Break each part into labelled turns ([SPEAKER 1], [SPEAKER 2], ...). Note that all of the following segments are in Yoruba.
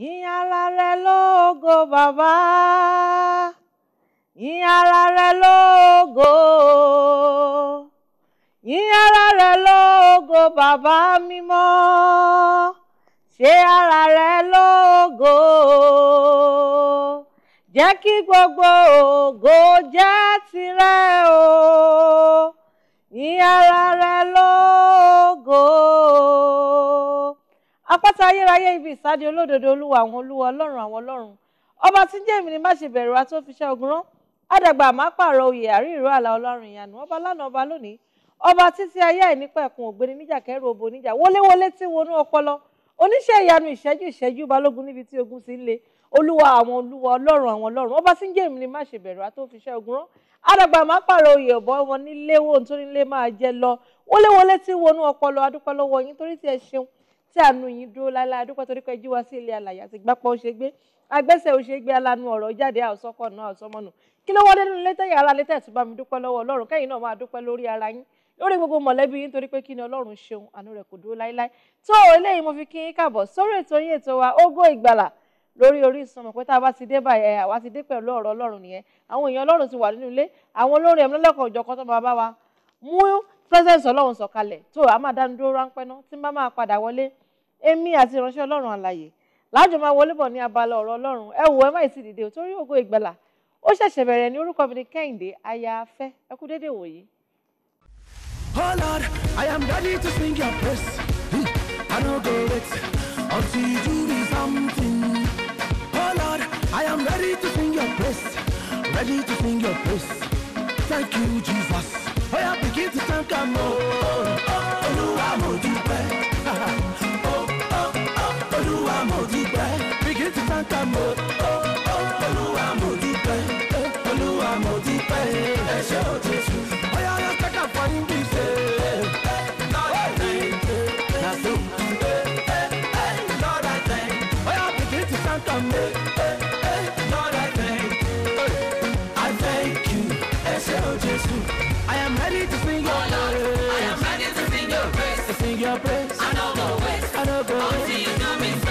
[SPEAKER 1] Yìn ara rẹ lógo bàbá. Yìn ara rẹ lógo. Yìn ara rẹ lógo bàbá mímọ́. Ṣe ara rẹ lógo. Jẹ́ kí gbogbo ògo jẹ́ tirẹ̀ o. Yìn ara rẹ lógo. pátá ayérayé ibi ìsáde olódodo olúwa àwọn olúwa ọlọ́run àwọn ọlọ́run ọba tí jẹ́ èmi ni má ṣe bẹ̀rù ató fi ṣẹ́ ogun rán àdàgbà àmàpàrọ̀ oyè àrí ìró àlà ọlọ́run ìyanu ọba lánàá ọba lónìí ọba títí ayé àìnípa ẹ̀kún ògbéni níjà kẹrù obo níjà wọléwọlé tí wọnú ọpọlọ oníṣẹ́ ìyanu ìṣẹ́jú ìṣẹ́jú balógun níbi tí ogun ti ń le olúwa àwọn olúwa ọlọ́run àwọn ọlọ́run ọba tí ń jẹ́ èmi ni má ṣe bẹ̀rù ató fi ṣẹ́ ogun rán àdàgbà àmàpàrọ̀ oyè ọ̀bọ wọn nílé wọn tó nílé máa jẹ lọ wọléwọlé tí wọnú ọpọlọ adúpẹ́ lọ́wọ́ yín torí tí ẹ ṣeun tí àánú yín dúró láéláé adúpẹ́ torí pé jí wá sí ilé alàyè àti gbápọ̀ ó ṣe gbé agbẹ́sẹ̀ ó ṣe gbé alanu ọ̀rọ̀ jáde àwòsọ́kọ̀ náà àwòsọ́mọ́nù kí ló wọlé nínú létẹ́ yàrá létẹ́ tó bá mi dúpẹ́ lọ́wọ́ ọlọ́run kẹ́yìn náà máa dúpẹ́ lórí ara yín lórí gbogbo mọ̀lẹ́bí yín torí pé kí ni ọlọ́run ṣeun àánú rẹ̀ kò dúró láéláé tó eléyìí mo fi kí yín kàbọ̀ sórí ètò yín ètò wa Ògo Ìgbàlà lórí Orísun mọ̀ pé tá a bá ti dé báyẹn àwa ti dé pẹ̀lú ọ̀rọ̀ ọlọ́run nìyẹn àwọn èèyàn ọlọ́run ti wà nínú ilé àwọn olórin ẹ̀mí lọ́lọ́kan òjọ̀kan tó máa bá wa mú presence ọlọ́run sọ̀kalẹ̀ tó a máa dánu dúró ráńpẹ́ ná tí bá máa padà wọlé èmi àti ìránṣẹ́ ọlọ́run àlàyé láàjọ máa wọlé bọ̀ ní abala ọ̀rọ̀ ọlọ́run ẹ wò ẹ má sì dìde torí ògo ìgbàlà ó ṣẹ̀ṣẹ̀ bẹ̀rẹ̀ ní orúkọ mi ní kẹ́hìndé ayáfẹ́ ẹ kú dédé wòyí.
[SPEAKER 2] Oh Lord, I am ready to sing your praise. Hmm, I no go wait until you do me something. Oh Lord, I am ready to sing your praise. Ready to sing your praise. Thank you, Jesus. ó yá begin to thank oh oh, olúwa mo oh, olúwa mo dúpẹ́ begin to thank am o. Jesus. I am ready to sing your oh praise. I am ready to sing your praise. To sing your praise. I don't go waste. I don't go. waste. Until you do me.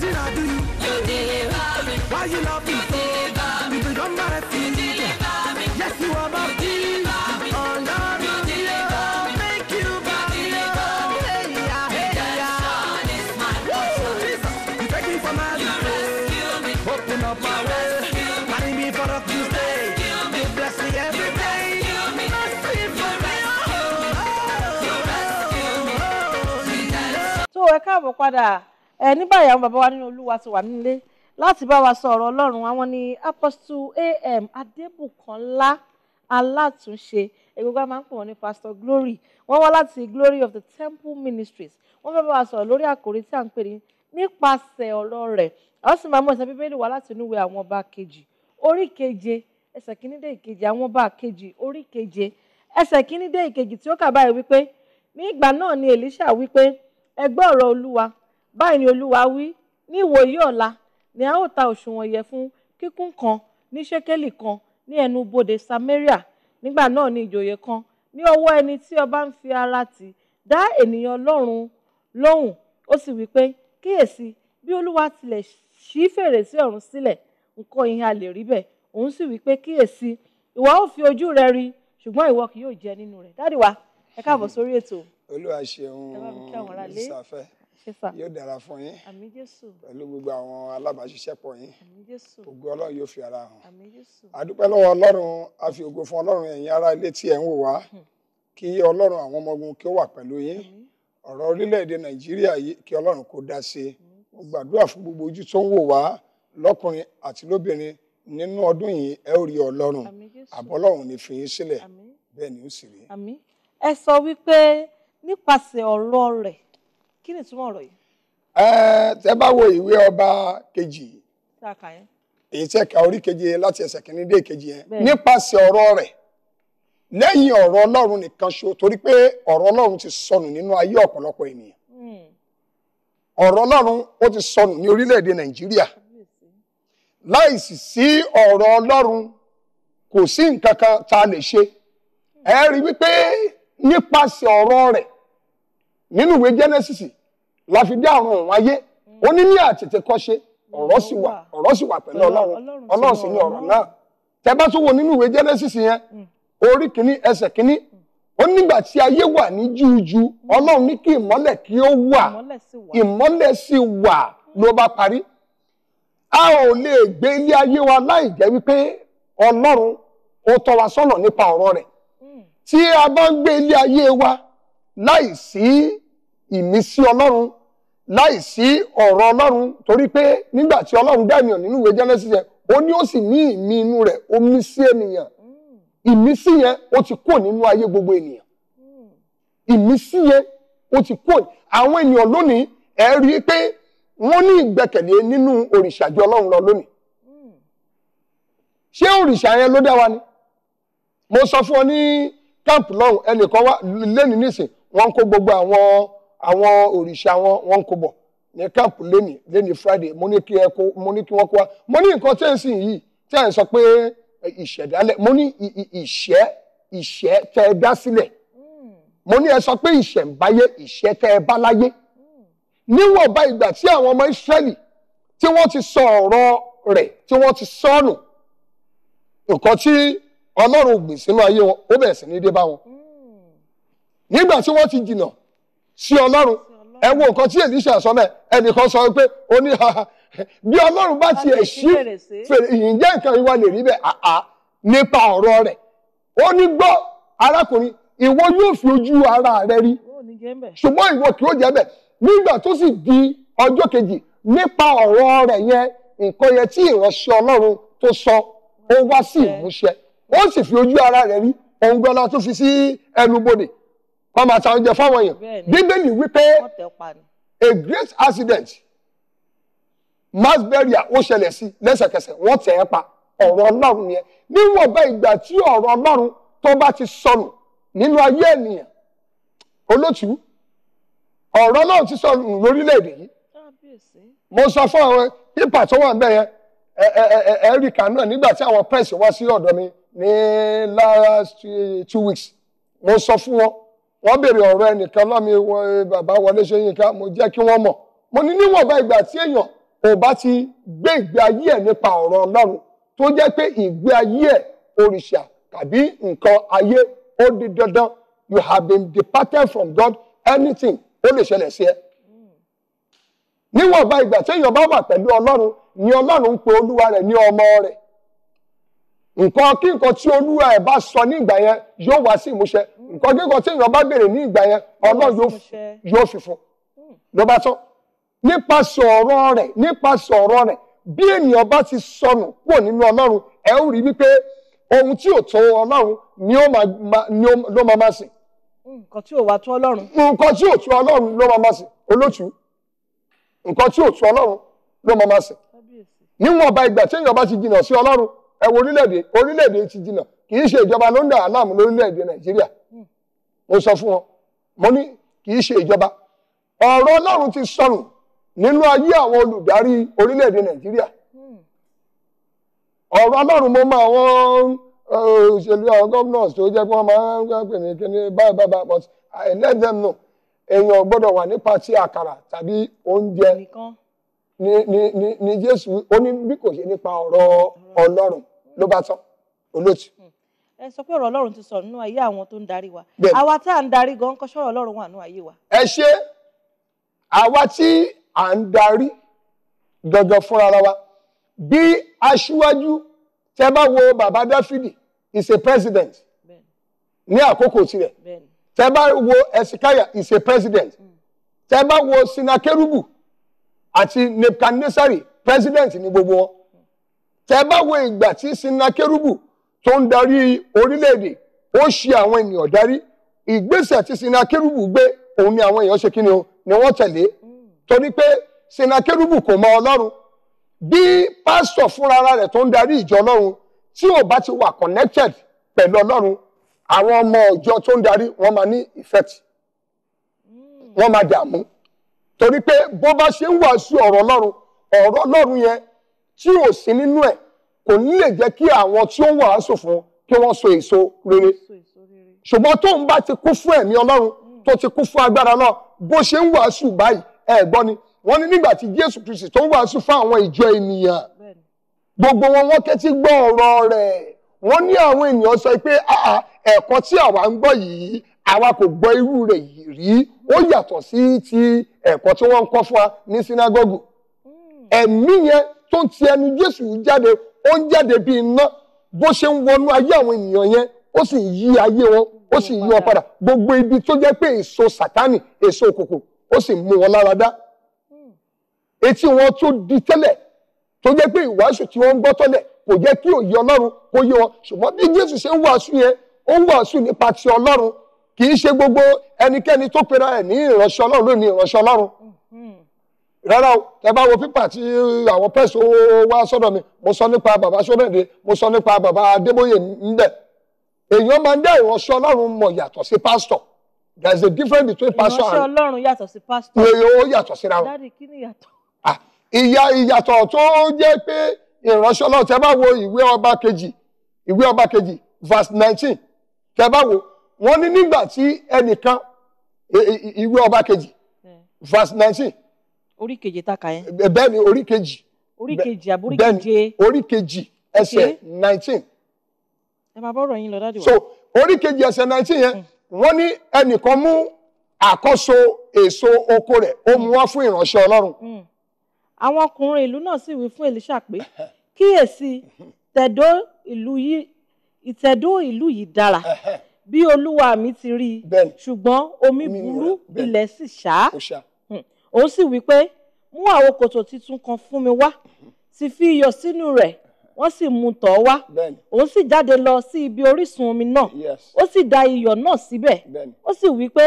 [SPEAKER 2] I Why you love me so? You become my feet. Yes, you are my feet. Oh, Lord, you deliver me. you Hey, yeah, hey, yeah. Jesus, you take me my You rescue me. Open up my way. Marry me for a You bless me every
[SPEAKER 1] day. So, ẹ ní báyìí àwọn bàbá wa nínú olúwa ti wà nílé láti bá wa sọ ọ̀rọ̀ ọlọ́run àwọn ni apostle am adébùkọ́lá alátúnṣe egungun máa ń pè wọ́n ní pastor glory wọ́n wá láti glory of the temple ministries wọ́n fẹ́ bá wa sọ̀rọ̀ lórí àkòrí tí à ń pè ní nípasẹ̀ ọ̀rọ̀ rẹ̀ àwọn sì máa mú ẹsẹ̀ bíbélì wá láti inú ìwé àwọn ọba kejì orí keje ẹsẹ̀ kìíní dé ìkejì àwọn ọba kejì orí keje ẹsẹ̀ kìíní dé ìkejì tí ó kà báyìí wípé ní ìgbà náà ni Èlíṣà wípé ẹ ọ̀rọ̀ olúwa báyìí ni olúwa wí ní ìwòyí ọ̀la ni a ó ta òṣùwọ̀n ìyẹ̀fun kíkún kan ní ṣékélì kan ní ẹnu bodè samaria nígbà náà ni ìjòyè kan ní ọwọ́ ẹni tí ọba ń fi ara tì dá ènìyàn ọlọ́run lóhùn ó sì wí pé kíyèsí bí olúwa tilẹ̀ ṣí fèrèsé ọ̀run sílẹ̀ nǹkan ìhìn a rí bẹ́ẹ̀ òun sì wí pé kíyèsí ìwọ ó fi ojú rẹ rí ṣùgbọ́n ìwọ kì yóò jẹ nínú rẹ̀ dáàdì ẹ káàbọ̀ sórí ètò.
[SPEAKER 3] olúwa ṣeun ìsàfẹ́ yóò dára fún yín pẹ̀lú gbogbo àwọn alábàáṣiṣẹ́pọ̀ yín ògo ọlọ́run yóò fi ara hàn àdúpẹ́ lọ́wọ́ ọlọ́run a fi ògo fún ọlọ́run ẹ̀yin ará ilé tí ẹ̀ ń wò wá hmm. kí ọlọ́run àwọn ọmọ ogun kí ó wà pẹ̀lú yín ọ̀rọ̀ orílẹ̀-èdè nàìjíríà yìí kí ọlọ́run kó dá sí i mo gbàdúrà fún gbogbo ojú tó ń wò wá lọ́kùnrin àti lóbìnrin nínú ọdún yìí ẹ ó rí ọlọ́run àbọ́lọ́run ní fi yín sílẹ̀ bẹ́ẹ̀ ni ó sì rí.
[SPEAKER 1] ẹ sọ wípé nípasẹ̀ ọ̀rọ̀ rẹ̀ kí ni ìtumọ̀ ọ̀rọ̀ yìí.
[SPEAKER 3] ẹ tẹ bá wo ìwé ọba kejì èyí tẹ ka orí kejì yẹn láti ẹsẹ̀ kìíní dé kejì yẹn nípasẹ̀ ọ̀rọ̀ rẹ̀ lẹ́yìn ọ̀rọ̀ Ọlọ́run nìkan ṣo torí pé ọ̀rọ̀ Ọlọ́run ti sọnù nínú ayé ọ̀pọ̀lọpọ̀ ènìyàn hmm. ọ̀rọ̀ Ọlọ́run ó ti sọnù ní orílẹ̀-èdè Nàìjíríà láìsí sí ọ̀rọ̀ Ọlọ́run kò sí nǹkan kan tá a lè ṣe ẹ rí wípé nípasẹ̀ ọ̀rọ̀ rẹ̀ nínú ìwé Genesis la fi dá àrùn òun ayé mm. ó ní ní àtètè kọ́ṣe ọ̀rọ̀ sì wà ọ̀rọ̀ sì wà pẹ̀lú ọlọ́run ọlọ́run sì ni ọ̀rọ̀ náà tẹ bá tún wo nínú ìwé Genesis yẹn mm. orí kìíní ẹsẹ̀ kìíní mm. ó nígbà tí ayé wà ní jújú ọlọ́run ní kí ìmọ́lẹ̀ kí ó wà ìmọ́lẹ̀ sì wà ló bá parí a ò lè gbé ilé ayé wa láì jẹ́ wípé ọlọ́run ó tọ́ wa sọ́nà nípa ọ̀rọ̀ rẹ̀ tí a bá ń gbé ilé ayé wa láì sí ìmísí ọlọ́run láì sí ọ̀rọ̀ ọlọ́run torí pé nígbà tí ọlọ́run dá ènìyàn nínú ìwé Genesis yẹn ó ní ó sì ní ìmí inú rẹ̀ omi sí ènìyàn ìmísí yẹn ó ti kúrò nínú ayé gbogbo ènìyàn ìmísí yẹn ó ti kúrò àwọn ènìyàn lónìí ẹ rí i pé wọ́n ní ìgbẹ́kẹ̀lé nínú òrìṣà ju ọlọ́run lọ lónìí ṣé òrìṣà yẹn ló dá wa ni mo sọ fún ọ ní camp lọ́hùn ẹnìkan wá lẹ́nu nísìn wọ́n kó gbogbo àwọn àwọn òrìṣà wọn wọn kò bọ̀ ní káàpù lẹ́nì lẹ́nì friday mo ní kí ẹ kó mo ní kí wọ́n kó wa mo ní nǹkan tẹ́ ń sìn yìí tẹ́ ń sọ pé ìṣẹ̀dálẹ̀ mo ní ìṣẹ́ ìṣẹ́ tẹ́ ẹ dá sílẹ̀ mo ní ẹ sọ pé ìṣẹ̀ǹbáyé ìṣẹ́ tẹ́ ẹ bá láyé níwọ̀nba ìgbà tí àwọn ọmọ ìsírẹ́lì tí wọ́n ti sọ ọ̀rọ̀ rẹ̀ tí wọ́n ti sọnù nǹkan tí ọlọ́run gbìn sínú ayé wọn ó bẹ̀rẹ̀ sí ní dé bá wọn nígbà tí wọ́n ti jìnnà sí ọlọ́run ẹ wo nǹkan tí Èlíṣà sọ bẹ́ẹ̀ ẹnìkan sọ pé ó ha, bí ọlọ́run bá tiẹ̀ ṣí fèrè ìyìn jẹ́ nǹkan ìwà lè rí bẹ́ẹ̀ àá nípa ọ̀rọ̀ rẹ̀ ó ní gbọ́ arákùnrin ìwọ yóò fi ojú ara rẹ rí ṣùgbọ́n ìwọ kì í ó jẹ́ bẹ́ẹ̀ nígbà tó sì di ọjọ́ kejì nípa ọ̀rọ̀ rẹ̀ yẹn nǹkan yẹn tí ìránṣẹ́ ọlọ́run tó sọ ó wá sí ìmúṣẹ ó sì fi ojú ara rẹ̀ rí òun gan tó fi sí ẹnubodè wọ́n máa ta oúnjẹ fáwọn èèyàn bíbélì wípé a great accident mass burial ó ṣẹlẹ̀ sí lẹ́sẹ̀kẹsẹ̀ wọ́n tẹ̀ ẹ́ pa ọ̀rọ̀ ọlọ́run yẹn níwọ̀nba ìgbà tí ọ̀rọ̀ ọlọ́run tó bá ti sọnù nínú ayé ènìyàn olótú ọ̀rọ̀ náà ti sọnù lórílẹ̀‐èdè yìí mo sọ fún àwọn pípà tó wà níbẹ̀ yẹn ẹ̀ẹ́rìkà náà nígbà tí àwọn press wá sí ọ̀dọ̀ mi ní last two weeks mo sọ fún wọn wọ́n béèrè ọ̀rọ̀ ẹnìkan lọ́mi eh, bàbá Wọlé Ṣóyínká mo jẹ́ kí wọ́n mọ̀ mo ní níwọ̀nba ìgbà tí èèyàn kò bá ti gbé ìgbé ayé ẹ̀ nípa ọ̀rọ̀ Ọlọ́run tó jẹ́ pé ìgbé ayé ẹ̀ òrìṣà tàbí nǹkan ayé ó di dandan you have been departed from God anything ó lè ṣẹlẹ̀ sí ẹ. níwọ̀nba ìgbà tí èèyàn bá wà pẹ̀lú Ọlọ́run ni Ọlọ́run ń pe olúwa rẹ̀ ní ọmọ rẹ̀ nǹkan kí nǹkan tí olúwa ẹ̀ bá sọ ní ìgbà yẹn yóò wá sí ìmúṣẹ nǹkan kí nǹkan tí èèyàn bá béèrè ní ìgbà yẹn ọlọ́run yóò fi fún ló bá tán nípasẹ̀ ọ̀rọ̀ rẹ̀ nípasẹ̀ ọ̀rọ̀ ti sọnù kúrò nínú ọlọ́run ẹ ó rí wípé ohun tí ni ó ló máa máa sìn. nǹkan tí ò wá tó ọlọ́run. nǹkan tí ò tó ọlọ́run ló máa máa sìn nǹkan tí ò tó ọlọ́run ló máa máa ti ẹ orílẹ̀-èdè orílẹ̀-èdè ti kì í ṣe ìjọba ló ń dà lórílẹ̀-èdè nàìjíríà hmm. mo sọ fún wọn mo kì í ṣe ìjọba ọ̀rọ̀ ọlọ́run ti sọnù nínú ayé àwọn olùdarí orílẹ̀-èdè nàìjíríà hmm. ọ̀rọ̀ ọlọ́run mo máa wọ́n eh, òṣèlú àwọn gómìnà tó jẹ́ pé wọ́n máa ń gbà ní kíní báyìí báyìí but I let them know èèyàn gbọ́dọ̀ wà nípa ti àkàrà tàbí oúnjẹ ni Jésù hmm. ló bá tán olóòtú. Hmm.
[SPEAKER 1] ẹ sọ pé ọ̀rọ̀ ọlọ́run ti sọ nínú ayé àwọn tó ń darí wa àwa tá à ń darí gan kọ́ sọ̀rọ̀ ọlọ́run wà nínú ayé wa.
[SPEAKER 3] ẹ ṣe àwa tí à ń darí gangan fúnra wa bí aṣíwájú tẹ bá wo bàbá dáfídì is a president ní àkókò tirẹ̀ tẹ bá wo ẹ̀sìkáyà is a president hmm. tẹ bá wo sinakerubu àti nebukadnesari president ni gbogbo wọn tẹ́ bá wo ìgbà tí sinakérúbù tó ń darí orílẹ̀-èdè ó ṣe àwọn ènìyàn darí ìgbésẹ̀ tí sinakérúbù gbé òun ni àwọn èèyàn ṣe kí ni o ni wọ́n tẹ̀lé torí pé sinakérúbù kò mọ ọlọ́run bí pásítọ̀ fúnra rẹ̀ tó ń darí ìjọ ọlọ́run tí ò bá ti wà connected pẹ̀lú ọlọ́run àwọn ọmọ ìjọ tó ń darí wọ́n máa ní effect wọ́n máa dààmú torí pé bó bá ṣe ń wàásù ọ̀rọ̀ ọlọ́run ọ̀rọ̀ ọlọ́run yẹn tí ò sí nínú ẹ̀ kò ní lè jẹ́ kí àwọn tí ó ń wàásù fún kí wọ́n so èso rere ṣùgbọ́n tóun bá ti kú fún ẹ̀mí ọlọ́run mm. tó ti kú fún agbára náà bó ṣe ń wàásù báyìí ẹ̀ gbọ́ ni wọ́n ní nígbà tí jésù kristi tó ń wàásù fún àwọn ìjọ ènìyàn gbogbo wọn wọ́n kẹ́tí gbọ́ ọ̀rọ̀ rẹ̀ wọ́n ní àwọn ènìyàn sọ pé ẹ̀kọ́ tí àwa ń gbọ́ yìí àwa kò gbọ́ irú rẹ̀ yìí rí ó yàtọ̀ sí ti ẹ̀kọ́ tí wọ́n ń kọ́ fún wa ní sinagogu mm. ẹ̀mí yẹn tó ń ti ẹnu Jésù jáde ó ń jáde bí iná bó ṣe ń wọnú ayé àwọn ènìyàn yẹn ó sì yí ayé wọn ó sì yí wọn padà gbogbo ibi tó jẹ́ pé èso sàtánì èso òkùnkùn ó sì mú wọn lára dá etí wọn tó di tẹ́lẹ̀ tó jẹ́ pé ìwàásù tí wọ́n ń gbọ́ tọ́lẹ̀ kò jẹ́ kí òye Ọlọ́run kó yé wọn ṣùgbọ́n bí Jésù ṣe ń wàásù yẹn ó ń wàásù nípa ti Ọlọ́run kì í ṣe gbogbo ẹnikẹ́ni tó pera ẹ̀ ní ìránṣẹ́ Ọlọ́run ló ní ìránṣẹ́ Ọlọ́run rárá o ẹ bá wo pípà tí àwọn pẹ́sì wá sọ́dọ̀ mi mo sọ nípa bàbá sọ́mẹ̀dẹ̀ mo sọ nípa bàbá adébóyè ńbẹ̀ èèyàn máa ń dá ìránṣẹ́ ọlọ́run mọ̀ yàtọ̀ sí pásítọ̀ there is a difference between pastor and ìránṣẹ́
[SPEAKER 1] ọlọ́run yàtọ̀ sí pásítọ̀ èèyàn ó yàtọ̀ síra wọn. dáàdì kí ni ìyàtọ̀.
[SPEAKER 3] Ah, ìyà ìyàtọ̀ tó jẹ́ pé ìránṣẹ́ ọlọ́run tẹ bá wo ìwé ọba kejì ìwé ọba kejì verse nineteen tẹ bá wo wọ́n ní nígbà tí ẹnìkan e, e, ìwé ọba kejì hmm. verse nineteen orí keje ta kà yẹn. bẹ́ẹ̀ ni orí kejì. orí kejì àbórí keje. bẹ́ẹ̀ ni nineteen.
[SPEAKER 1] ẹ máa bọ́rọ̀ yín lọ dáàdi wa. so
[SPEAKER 3] orí kejì ẹsẹ̀ nineteen yẹn hmm. wọ́n ní ẹnìkan mú àkọ́so èso oko rẹ̀ ó mú wá fún ìránṣẹ́ ọlọ́run. Hmm. àwọn ọkùnrin ìlú náà sì wí fún Èlíṣà pé kíyèsí
[SPEAKER 1] tẹ̀dó ìlú yìí ìtẹ̀dó ìlú yìí dára bí olúwa mi ti rí i ṣùgbọ́n omi burú ilẹ̀ sì ṣá ó sì wí pé mú àwo kòtò tuntun kan fún mi wá sì fi iyọ̀ sínú rẹ̀ wọ́n sì mú tọ̀ wá ó sì jáde lọ sí ibi orísun omi náà ó sì da iyọ̀ náà síbẹ̀ ó sì wí pé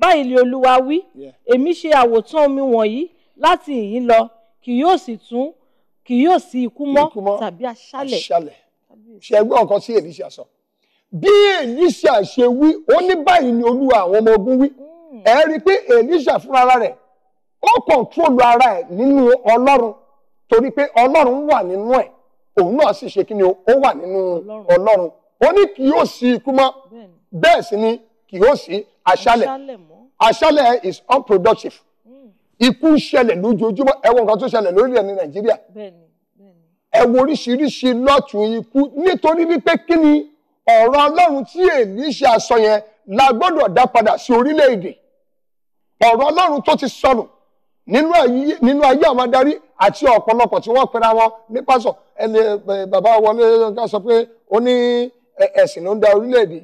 [SPEAKER 1] báyìí lè olúwa wí èmi ṣe àwòtán omi wọ̀nyí
[SPEAKER 3] láti ìyín lọ kì yóò sì tún kì yóò sí ikú mọ́ tàbí aṣálẹ̀. ṣe ẹgbẹ́ ọ̀kan sí Èlíṣà sọ bí Èlíṣà ṣe wí ó ní báyìí ni olúwa àwọn ọmọ ogun wí hmm. ẹ rí i pé Èlíṣà fúnra rẹ̀ ó kọ̀ǹtrólù ara ẹ̀ nínú ọlọ́run torí pé ọlọ́run wà nínú ẹ̀ òun náà sì ṣe kíni ó wà nínú ọlọ́run ó ní kì yóò sí ikú mọ́ bẹ́ẹ̀ sì ni kì yóò sí aṣálẹ̀ aṣálẹ̀ is unproductive hmm. ikú ṣẹlẹ̀ lójoojúmọ́ ẹ wo nǹkan tó ṣẹlẹ̀ lórí ẹ̀ ní nàìjíríà ẹ wo oríṣiríṣi lọ́tún ikú nítorí wípé kíni ọ̀rọ̀ ọlọ́run tí èmi ṣe àsọyẹn la gbọ́dọ̀ dá padà sí orílẹ̀-èdè ọ̀rọ̀ ọlọ́run tó ti sọnù nínú ayé àwọn adarí àti ọ̀pọ̀lọpọ̀ tí wọ́n pera wọn ní pásọ̀ ẹni bàbá wọlé ká sọ pé ó ní ẹ̀sìn ló ń da orílẹ̀-èdè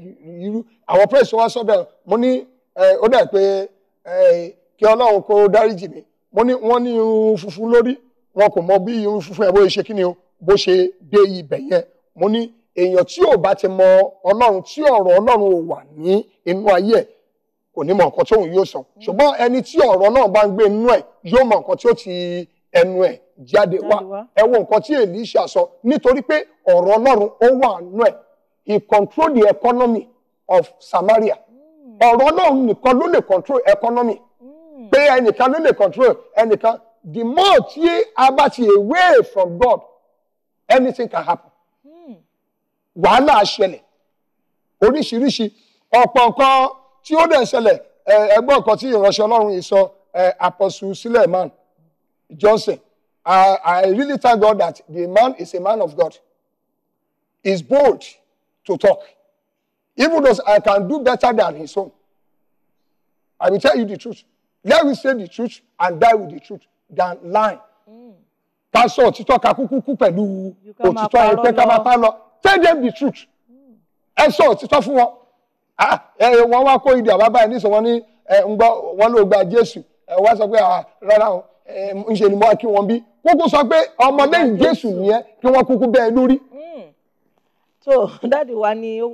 [SPEAKER 3] irú àwọn pírẹ̀sì wá sọ́dọ̀ mo ní ó dà pé kí ọlọ́run kó dáríjì mi mo ní wọ́n ní irun funfun lórí wọn kò mọ bí irun funfun ẹ̀ bó ṣe kí ni o bó ṣe dé ibẹ̀ yẹn mo ní èèyàn tí ò bá ti mọ ọlọ́run tí ọ̀rọ̀ ọlọ́run ò wà ní inú ayé ẹ̀ kò ní mọ nǹkan tí òun yóò sàn mm. ṣùgbọ́n ẹni tí ọ̀rọ̀ náà bá ń gbé inú ẹ̀ yóò mọ nǹkan tí ó ti ẹnu ẹ̀ jáde wá ẹ wo nǹkan tí Èlíṣà sọ nítorí pé ọ̀rọ̀ Ọlọ́run ó wà nú ẹ̀ he control the economy of Samaria mm. ọ̀rọ̀ Ọlọ́run nìkan ló lè control economy mm. pé ẹnìkan ló lè control ẹnìkan the more tí a bá ti away from God anything can happen wàhálà ṣẹlẹ̀ oríṣiríṣi ọ̀pọ̀ nǹkan tí ó dẹ̀ ṣẹlẹ̀ ẹgbọ́n nǹkan tí ìránṣẹ́ ọlọ́run yìí sọ apostle Suleiman Johnson I, I really thank God that the man is a man of God he is bold to talk even though I can do better than his own I will tell you the truth let me say the truth and die with the truth than lie ká sọ òtítọ́ ká kúkú kú pẹ̀lú òtítọ́ àìpẹ́ ká máa pa lọ tell them the truth hmm. ẹ sọ òtítọ́ fún wọn Ah, wọn wá kó ìdí àbábá ẹ̀ nísìnyí ní ǹgbọ́ wọn ló gba jésù sọ pé ah, rárá o ń ṣe ni mo kí bí kókó sọ pé ọmọ jésù nìyẹn kí wọ́n kúkú bẹ́ẹ̀ lórí.
[SPEAKER 1] tó hmm. dáàdi wa ni ó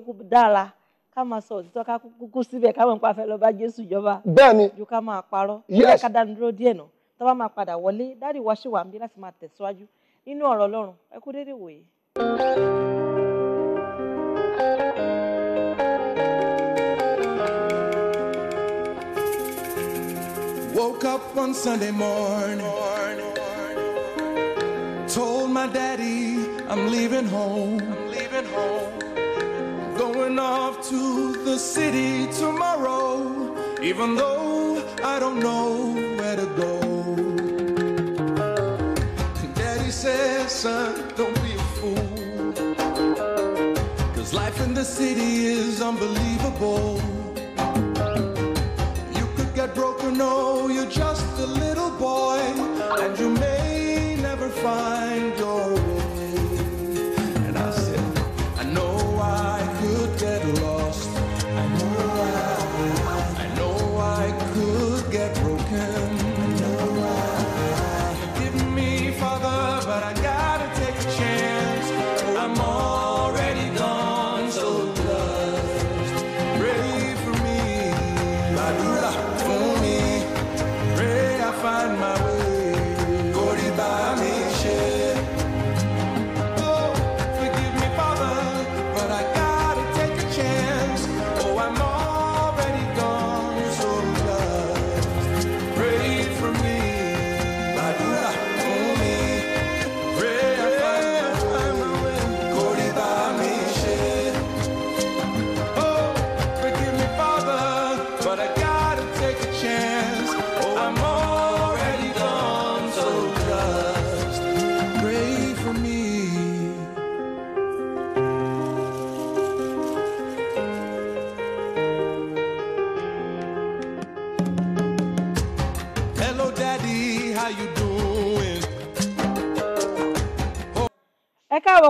[SPEAKER 1] ká máa sọ òtítọ́ ká kúkú síbẹ̀ nípa bá jésù jọba ju ká parọ́ yẹ ká dúró díẹ̀ bá máa padà wọlé dáàdi wa
[SPEAKER 2] one Sunday morning, Told my daddy I'm leaving home. I'm leaving home. Going off to the city tomorrow, even though I don't know where to go. Daddy says, son, don't be a fool. Cause life in the city is unbelievable. You could get broken, no, you just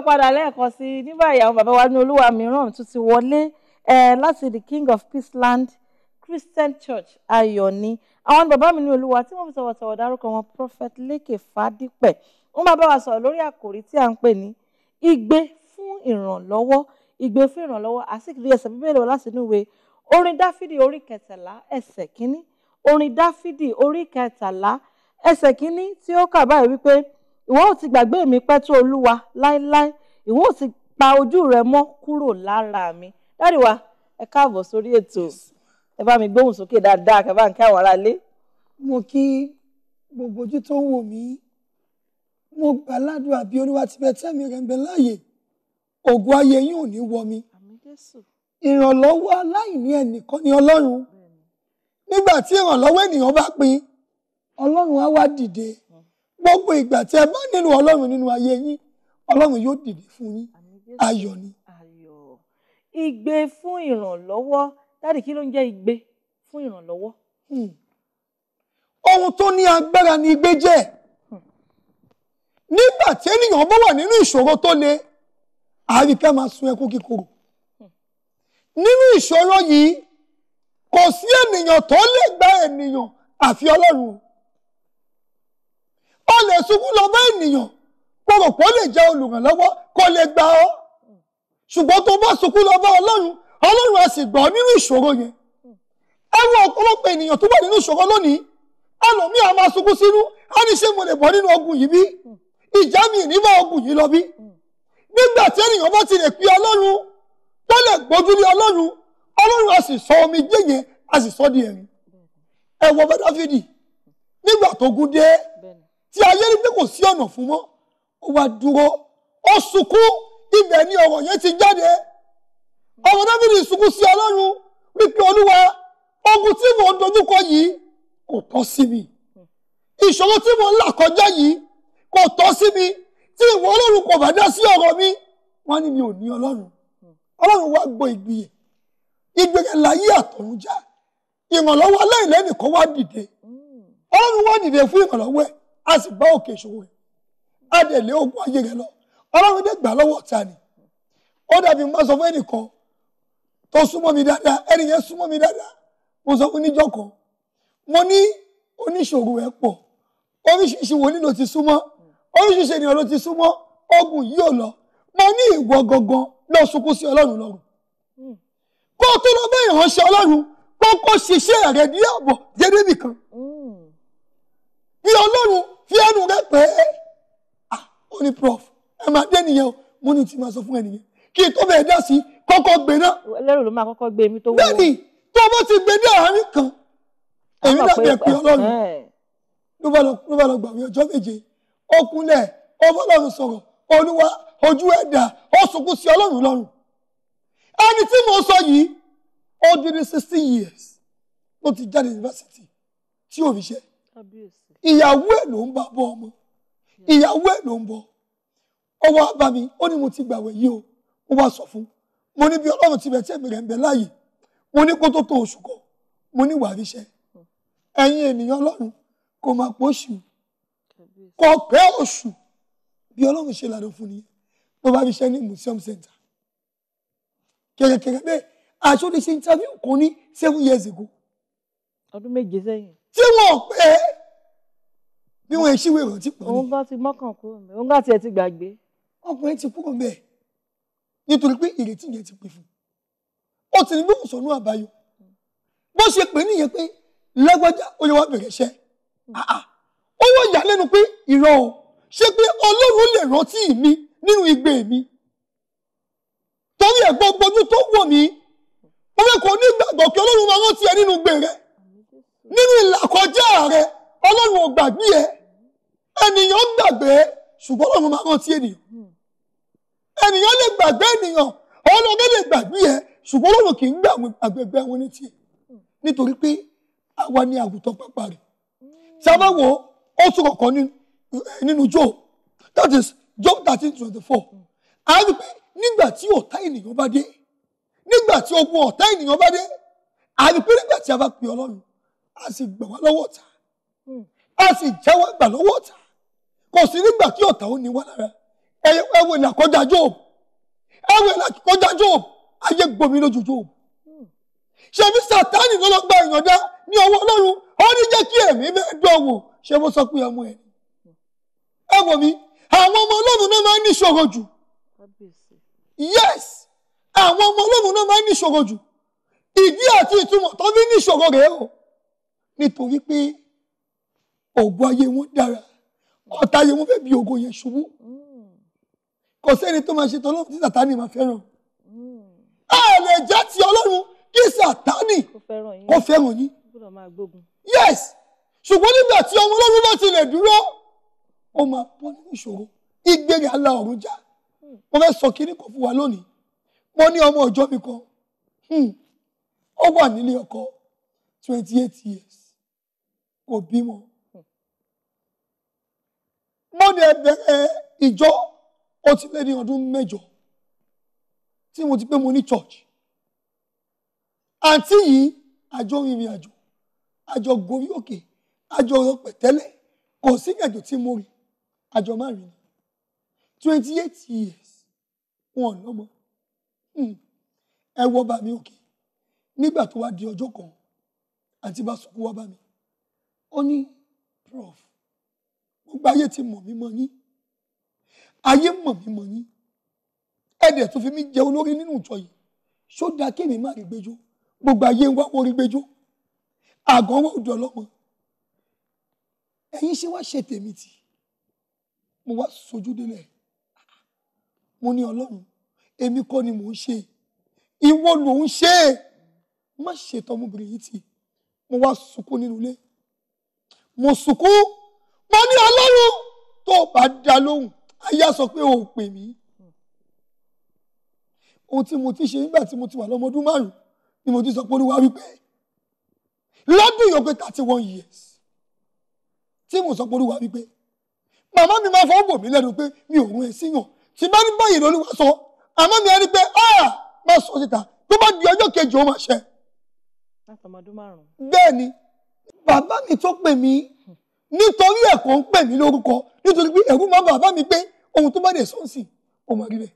[SPEAKER 1] padà lẹ́ẹ̀kan sí i nígbà ìyàwó bàbá wa ní olúwa mìíràn tún ti wọlé láti the king of peace land christian church ayọ̀ni àwọn bàbá mi ní olúwa tí wọ́n fi sọ̀wọ̀sọ̀wọ̀ dárúkọ wọn prophet lékè fàdípẹ̀ wọ́n máa bá wa sọ̀rọ̀ lórí àkòrí tí à ń pè ní igbe fún ìrànlọ́wọ́ igbe fún ìrànlọ́wọ́ àsìkiri ẹsẹ̀ bíbélì wà láti inú ìwé orin dáfídì orí kẹtàlá ẹsẹ̀ kínní orin dáfídì orí kẹtàlá ẹsẹ̀ kínní tí ó kà báyìí wípé ìwọ ò ti gbàgbé mi pẹ́ tó olúwa láéláé ìwọ ò ti pa ojú rẹ mọ́ kúrò lára mi dáàdì wa ẹ káàbọ̀ sórí ètò ẹ bá mi gbóhùn sókè dáadáa kẹ bá ń kí àwọn ará ilé.
[SPEAKER 3] mo kí gbogbo ojú tó ń wò mí mo gbà ládùúgbà bí olúwa ti bẹ tẹ́mi rẹ̀ láàyè ògo ayé yín ò ní wọ mi ìrànlọ́wọ́ aláìní ẹnìkan ni ọlọ́run nígbà tí ìrànlọ́wọ́ ènìyàn bá pin ọlọ́run á wá dìde gbogbo ìgbà tí ẹ bá nínú ọlọ́run nínú ayé yín ọlọ́run yóò dìde fún yín ayọ̀
[SPEAKER 1] ni. ayọ̀ igbe fún ìrànlọ́wọ́ dáàdì kí ló ń jẹ́ igbe fún ìrànlọ́wọ́.
[SPEAKER 3] Hmm. ohun tó ní agbára ni igbe jẹ́ hmm. nígbà tí ènìyàn bá wà nínú ìṣòro tó le àríkà máa sun ẹkún kíkorò hmm. nínú ìṣòro yìí kò sí ènìyàn tó lè gba ènìyàn àfi ọlọ́run o lè sunkún lọ bá ènìyàn gbọ́dọ̀ pọ̀ lè jẹ́ olùrànlọ́wọ́ kó lè gbà ọ́ ṣùgbọ́n tó bá sunkún lọ bá ọlọ́run ọlọ́run á sì gbà ọ́ nínú ìṣòro yẹn ẹ wọ ọ̀pọ̀lọpọ̀ ènìyàn tó wà nínú ìṣòro lónìí ẹlòmíì á máa sunkún sínú á ní ṣé mo lè bọ́ nínú ogun yìí bí ìjà mi ì ní bá ogun yìí lọ bí nígbà tí ènìyàn bá ti lè pe ọlọ́run tó lè gbójú lé ọlọ́run ọlọ́run á sì sọ omi jẹ́yẹn á sì sọ di ẹ̀rín ẹ wọ dáfídì nígbà tó gún dé tí ayé rí pé kò sí ọ̀nà fún mọ́ ó wá dúró ó sunkún ibẹ̀ ni ọ̀rọ̀ yẹn ti jáde ọmọ dábìlì sunkún sí ọlọ́run wípé olúwa ogun tí mò ń dojúkọ yìí kò tọ́ sí mi ìṣòro tí mò ń là kọjá yìí kò tọ́ sí mi tí ìwọ ọlọ́run kò bá dá sí ọ̀rọ̀ mi wọ́n ní mi ò ní ọlọ́run ọlọ́run wá gbọ́ ìgbìyẹ ìgbìyẹ láyé àtọ̀run já ìrànlọ́wọ́ aláìlẹ́nìkan wá dìde hmm. ọlọ́run wá dìde fún ìrànlọ́wọ́ ẹ̀ a sì bá òkè ìṣòro rẹ̀ á ogun ayé rẹ̀ lọ ọlọ́run dẹ̀ gbà lọ́wọ́ ọ̀tá ni ó dàbí mo sọ fún ẹnìkan tó súnmọ́ mi dáadáa ẹnì yẹn súnmọ́ mi dáadáa mo sọ fún níjọ́ kan mo ní oníṣòro ẹ̀ pọ̀ oríṣiríṣi wòlíì ló ti súnmọ́ oríṣiríṣi ènìyàn ló ti súnmọ ogun yìí ò lọ mo ní ìwọ gangan lọ sunkún sí Ọlọrun lọ́rùn hmm. kó o tó lọ bá ìránṣẹ́ ọlọ́run kó kó ṣiṣẹ́ rẹ̀ ní ààbọ̀ jẹ́ débì hmm. bí ọlọ́run fíẹ́nù rẹ pé ah, ó ní prof ẹ máa dé nìyẹn o mo ní tí máa sọ fún ẹ nìyẹn kí n tó bẹ̀rẹ̀ dá sí kọ́kọ́ gbé náà. lẹ́rù ló máa kọ́kọ́ gbé mi tó wọ́n. bẹ́ẹ̀ni tó bá ti gbé ní àárín kan èmi náà bẹ̀ pé ọlọ́run ló bá lọ gbàwé ọjọ́ méje ó kúnlẹ̀ ó bá lọ́run sọ̀rọ̀ olúwa ojú ẹ̀ dà ó sunkún sí ọlọ́run lọ́rùn ẹni tí mo sọ yìí ó dín ní sixteen years ló ti jáde yunifásitì tí ò fi ṣe ìyàwó ẹ̀ ló ń bá bọ́ ọmọ ìyàwó ẹ̀ ló ń bọ́ ó wá bá mi ó ní mo ti gbàwẹ̀ yìí o mo wá sọ fún mo ní bí ọlọ́run ti bẹ̀ tí èmi rẹ̀ ń bẹ láàyè mo ní kó tó tó oṣù kan mo ní wàá ríṣẹ́ ẹ̀yin ènìyàn ọlọ́run kò máa pọ̀ oṣù kò pẹ́ oṣù bí ọlọ́run ṣe lànà fún nìyẹn ló bá ríṣẹ́ ní museum center kẹ̀kẹ̀kẹ̀ bẹ́ẹ̀ aṣọ́ni ṣe interview kan ní seven years ago. ọdún méje sẹ́yìn tí wọn ò pé bí wọn ṣíwèé ìrántí pọ̀ ní. òun gan ti mọ́kàn kúrò mẹ́ òun gan tiẹ̀ ti gbàgbé. ọkùnrin ti kúrò mẹ́ nítorí pé ìrètí yẹn ti pè fún un ó ti ní bí òun sọnù àbáyọ bó ṣe pè nìyẹn pé lágbájá ó yẹ wá bẹ̀rẹ̀ iṣẹ́ ó wọ ìyàlẹ́nu pé ìrọ̀ ṣé pé Ọlọ́run lè rántí mi nínú igbe mi torí ẹ̀ gbogbo tó wọ̀ mí ó fẹ́ kó nígbàgbọ́ kí Ọlọ́run máa rántí ẹ nínú igbe rẹ̀ nínú ìlàkọjá rẹ ọlọ́run ò gbàgbé ẹ ènìyàn ń gbàgbé ṣùgbọ́n ọlọ́run máa rántí ènìyàn ènìyàn lè gbàgbé ènìyàn ọlọ́run lè gbàgbé ẹ ṣùgbọ́n ọlọ́run kì í gbà àwọn àgbẹ̀gbẹ̀ wọn ní tiẹ̀ nítorí pé àwa ni àgùntàn pápá rẹ̀ tí a bá wo ó tún kọ̀ọ̀kan nínú Job that is Job thirteen twenty four a rí pé nígbà tí ọ̀tá ènìyàn bá dé nígbà tí ogun ọ̀tá ènìyàn bá dé a rí pé nígbà tí a bá pè ọlọ́run a sì gbà wá lọ́wọ́ ọ̀tá hmm. a sì jẹ́ wá gbà lọ́wọ́ ọ̀tá kò sí nígbà tí ọ̀tá ó ní wá lára ẹ wo ìlà kọjá Job ẹ wo ìlà kọjá Job ayé gbomi lójú Job hmm. ṣe bí Sátánì ló lọ gba ìyànjá ní ọwọ́ Ọlọ́run ó ní jẹ́ kí ẹ̀mí bẹ́ẹ̀ dán ṣé mo sọ pé ọmọ ẹ̀ ẹ wò mí àwọn ọmọ Ọlọ́run náà máa ń níṣòro jù yes àwọn ọmọ Ọlọ́run náà máa ń níṣòro jù ìdí àti ìtumọ̀ tó fi níṣòro rèé o nítorí pé ògo ayé wọn dára ọ̀tá ayé wọn fẹ́ bí ògo yẹn ṣubú kò sẹ́ni tó máa ṣe tọ́lọ́run tí sàtánì máa fẹ́ràn a jẹ́ ti ọlọ́run kí sàtánì kò fẹ́ràn yín yes ṣùgbọ́n nígbà tí ọmọ ọlọ́run bá ti lè dúró ó máa bọ́ nínú ìṣòro ìgbéga la ọ̀run já mo fẹ́ sọ kínní kan fún wa lónìí mo ní ọmọ ọjọ́ mi kan hmm. ó wà nílé ọkọ twenty eight years kò bímọ. mo ní ẹbẹ̀rẹ̀ ìjọ ó ti lé ní ọdún mẹ́jọ tí mo ti pé mo ní church. àǹtí yìí àjọ rìnrìn àjò àjọ gorí òkè àjọ ọ̀rọ̀ pẹ̀tẹ́lẹ̀ kò sí ìrìnàjò tí mo rìn àjọ márùn-ún twenty eight years wọn lọ́mọ hmm. ẹ wọ́ bá mi òkè nígbà tó wá di ọjọ́ kan àǹtí bá sunkún wá bá mi ó ní prof gbogbo ayé ti mọ̀ mí mọ̀ yín ayé mọ̀ mí mọ̀ yín ẹ̀dẹ̀ tó fi mí jẹ olórí nínú ìjọ yìí ṣó dáa kéèmí má rí gbẹjọ́ gbogbo ayé ń wá wọ́n rí àgọ́ wọn ò dọ̀ lọ́mọ ẹ̀yin ṣé wá ṣe tèmi tì mo wá sojú délẹ̀ mo ní ọlọ́run èmi kọ́ ni mò ń ṣe ìwọ ló ń ṣe é má ṣe tọmọbìnrin yìí tì mo wá sunkún nínú ilé mo sunkún mo ní ọlọ́run tó bá dá lóhùn aya sọ pé o pè mí ohun tí mo ti ṣe nígbà tí mo ti wà lọ́mọ ọdún márùn ni mo ti sọ pé olúwa wípé lọ́dún yóò pé thirty one years tí mo sọ pé olúwa wípé màmá mi máa fọwọ́ bò mí lẹ́nu pé mi ò rún ẹ síyàn tí bá ní báyìí lolúwa sọ àmọ́ mi á rí pé ah má sọ síta tó bá di ọjọ́ kejì ó máa ṣẹ. bẹ́ẹ̀ ni bàbá mi tó pè mí nítorí ẹ̀kọ́ ń pè mí lórúkọ nítorí pé ẹ̀rú máa bàbá mi pé ohun tó bá dé sọ́ọ̀sì ó máa rí bẹ́ẹ̀.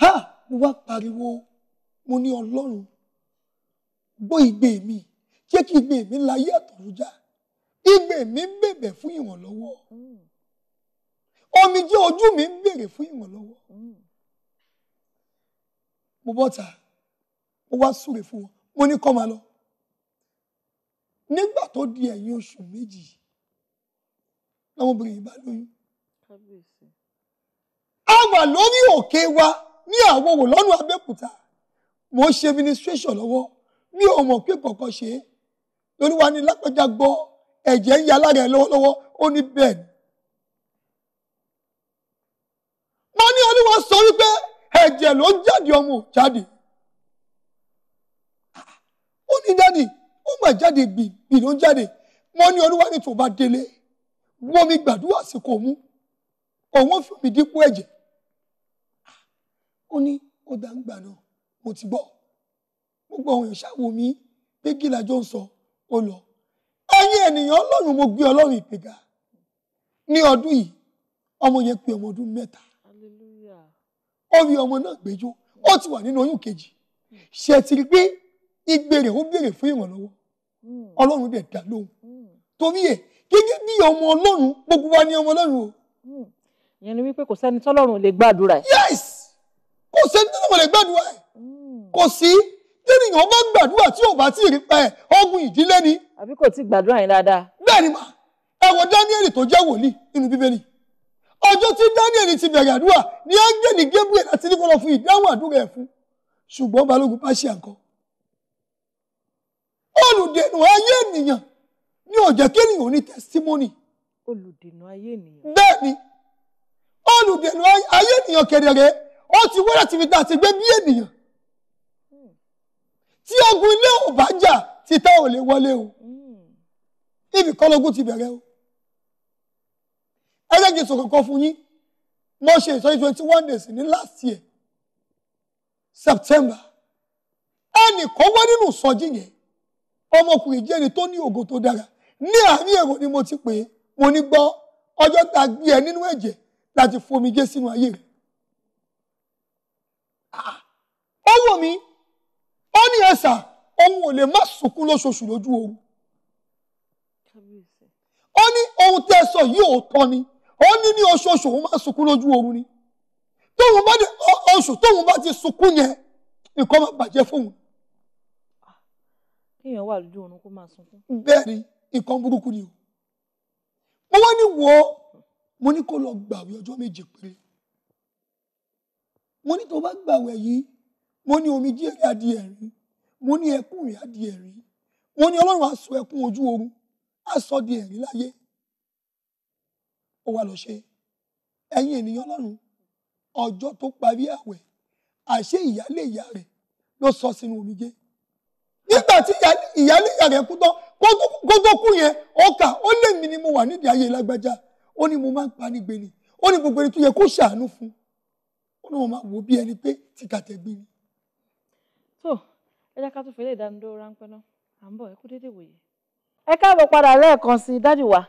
[SPEAKER 3] ha mo wá pariwo mo ní ọlọ́run gbọ́ igbe mi jẹ́ kí igbe mi láyé àtọ̀rújà igbe mi ń bẹ̀bẹ̀ fún ìrànlọ́wọ́ omijé ojú mi ń bèrè fún ìrànlọ́wọ́ mo bọ́ta mo wá súre fún wọn mo ní kọ́ máa lọ nígbà tó di ẹ̀yìn oṣù méjì làwọn obìnrin yìí bá lóyún. a wà lórí òkè wa ní àwọn òwò lọ́nà Abẹ́òkúta mo ń ṣe ministration lọ́wọ́ mi ò mọ̀ pé kọ̀ọ̀kan ṣe é lóníwà ní lápẹjà gbọ́ ẹ̀jẹ̀ ń ya lára ẹ̀ lọ́wọ́lọ́wọ́ ó ní bẹ́ẹ̀ ni. mo ní olúwa sọ wípé ẹ̀jẹ̀ ló jáde ọmọ jáde ó ní dádì gbà jáde gbìgbì ló ń jáde wọ́n ní olúwa ní tó bá délé wọ́n mi gbàdúrà sí kò mú òun fi mi dípò ẹ̀jẹ̀ ó ní ó dá ń gbà náà mo ti gbọ́ gbogbo àwọn èèyàn ṣàwò mi pé gílájọ ń sọ ó lọ ẹ̀yin ènìyàn ọlọ́run mo gbé ọlọ́run ìpègà ní ọdún yìí ọmọ yẹn pé ọmọ ọdún mẹ́ta ó rí ọmọ náà gbẹjọ ó ti wà nínú oyún kejì ṣe ti rí pé igbe rẹ̀ ó béèrè fún ìrànlọ́wọ́ Hmm. ọlọ́run dẹ̀ dá lóhùn hmm. torí ẹ̀ gẹ́gẹ́ bí ọmọ ọlọ́run gbogbo wa ni ọmọ ọlọ́run o. Hmm. ìyẹn ni wípé kò sẹ́ni tọ́lọ́run lè gbàdúrà ẹ̀. yes kò sẹ́ni tọ́lọ́run lè gbàdúrà ẹ̀ kò sí tẹ́nìyàn bá gbàdúrà tí ò bá tí ì rí pa ẹ̀ ọgùn ìdílé ni. àbí kò tí gbàdúrà yín dáadáa. bẹ́ẹ̀ ni mà ẹ wo dáníẹ̀lì tó jẹ́ wòlíì nínú bíbélì ọjọ́ tí dáníẹ̀lì ti bẹ̀rẹ̀ àdúrà ni áńgẹ́lì Gabriel àti nífọ̀lọ́ fún ìdáhùn àdúrà ẹ̀ fún ṣùgbọ́n balógun bá ṣe àǹkan olùdènà ayé ènìyàn ni ò jẹ́ kí ènìyàn testimony.
[SPEAKER 1] olùdènà ayé
[SPEAKER 3] ènìyàn. bẹ́ẹ̀ni olùdènà ayé ènìyàn kedere ó ti wọ́n láti fi ta àti gbé bí ènìyàn tí ogun ilé ò bá jà títà ò lè wọlé o ibì kan ti bẹ̀rẹ̀ o ẹgbẹ́ kìí sọ̀rọ̀ kan fún yín mo ṣe ìsọjí twenty one days ní last year September ẹnì kan wọ́n nínú ìsọjí yẹn ọmọkùnrin jẹ́ ni tó ní ògo tó dára ní àárín èrò ni mo ti pè é mo ní gbọ́ ọjọ́ tá a gbé ẹ nínú ẹ̀jẹ̀ láti fomijé sínú ayé rẹ̀. Ah, ó wò mí ó ní ẹ̀sà òun ò lè má sunkún lóṣooṣù lójú oorun. ó ní ohun tẹ́ ẹ sọ yìí òótọ́ ni ó ní ní oṣooṣù òun máa sunkún lójú oorun ni tóun bá ti sunkún yẹn nǹkan máa bàjẹ́ fóun
[SPEAKER 1] kéèyàn wà lójú oorun kó máa sunkún.
[SPEAKER 3] bẹ́ẹ̀ ni nǹkan burúkú ni o mo wá ní wo mo ní kó lọ gbàwé ọjọ́ méje péré mo ní tó bá gbàwé yìí mo ní omijé rẹ̀ á di ẹ̀rín mo ní ẹkún rẹ̀ á di ẹ̀rín mo ní ọlọ́run á sọ ẹkún ojú oorun á sọ di láyé ó wá lọ ṣe ẹ̀yin ènìyàn ọlọ́run ọjọ́ tó parí àwẹ̀ àṣé ìyálé ìyá rẹ̀ ló sọ sínú omijé nígbà tí ìyálíyà rẹ̀ kú tán kó kú yẹn ọkà ó lè mí ni mo wà nídìí ayé lágbájá ó ní mo máa ń panigbé ni ó ní gbogbo ẹni tó yẹ kó ṣàánú fún ó ní mo máa wò bí ẹni pé tìkàtẹ̀ gbé ni. tó
[SPEAKER 1] ẹ jẹ́ ká tún fẹ́lẹ́ ìdánidó ráńpẹ́ náà à ń bọ̀ ẹ kú déédéé wòye. ẹ káàbọ̀ padà lẹ́ẹ̀kan sí i dájú wa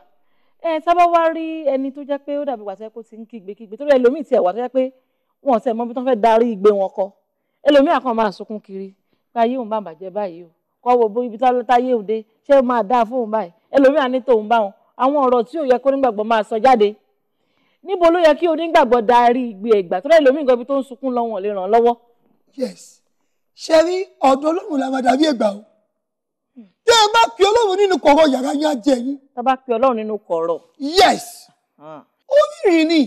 [SPEAKER 1] ẹ sábà wá rí ẹni tó jẹ́ pé ó dàbí wàtẹ́ kó ti ń kígbe-kígbe torí ẹlòmíì tiẹ̀ wà tó jẹ́ pé wọn ò tẹ̀ mọ́ bí wọ́n fẹ́ darí igbe wọn kọ ẹlòmíì àkàn máa kiri káyé òun bá bàjẹ́ báyìí o kọ́ wo bó ibi táyé òde ṣé ó máa dáa fóun báyìí ẹlòmíà ní tòun bá wọn àwọn ọ̀rọ̀ tí ò yẹ kó nígbàgbọ́ máa sọ jáde níbo ló yẹ kí onígbàgbọ́ darí ìgbé ẹ̀gbà tó lẹ́yìn lómi nǹkan ibi tó ń sunkún lọ́wọ́n lè ràn lọ́wọ́. yes ṣe rí ọ̀dọ̀ ọlọ́run la máa dàbí ẹ̀gbà o tí ẹ bá pe ọlọ́run nínú kọ̀rọ̀ yàrá yín á jẹ yín. tá a bá pe ọlọ́run nínú kọ̀rọ̀. yes ah. orírin ni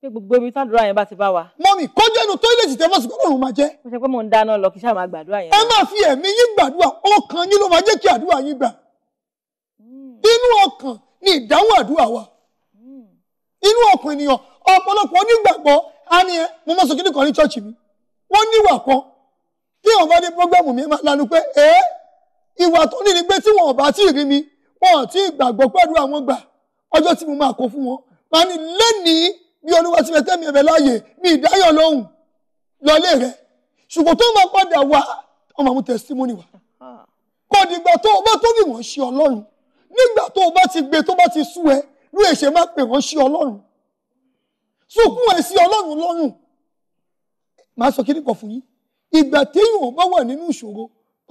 [SPEAKER 1] pé gbogbo ibi tádùúrà yẹn bá ti bá wa. mọ́mì kó
[SPEAKER 3] jẹ́ inú tọ́ílẹ̀tì tẹ́ fọ́sùn kọ́kọ́ òun máa jẹ́. mo ṣe pé mò ń dáná lọ kí sáà máa gbàdúrà yẹn. ẹ máa fi ẹ̀mí yín gbàdúrà ọkàn yín ló máa jẹ́ kí àdúrà yín gbà. Hmm. inú ọkàn ni ìdáhùn àdúrà wa. Hmm. inú ọkàn ènìyàn ọ̀pọ̀lọpọ̀ onígbàgbọ́ á ẹ mo mọ̀ sọ nìkan ní chọ́ọ̀chì mi wọ́n níwà kan tí wọ́n bá dé prógbàmù mi máa lẹ́nìí bí olúwa ti fẹ́ tẹ́mi ẹ̀bẹ̀ láàyè mi ìdáyọ̀ lóhùn lọlé rẹ ṣùgbọ́n tó máa padà wá ọmọ àwọn testimony wa kò dìgbà tó o bá tó bí wọ́n ṣe ọlọ́run nígbà tó o bá ti gbé tó bá ti sú ẹ ló èṣe má pè wọ́n ṣe ọlọ́run sunkún ẹ sí ọlọ́run lọ́rùn máa sọ kíní kan fún yín ìgbà téèyàn bá wà nínú ìṣòro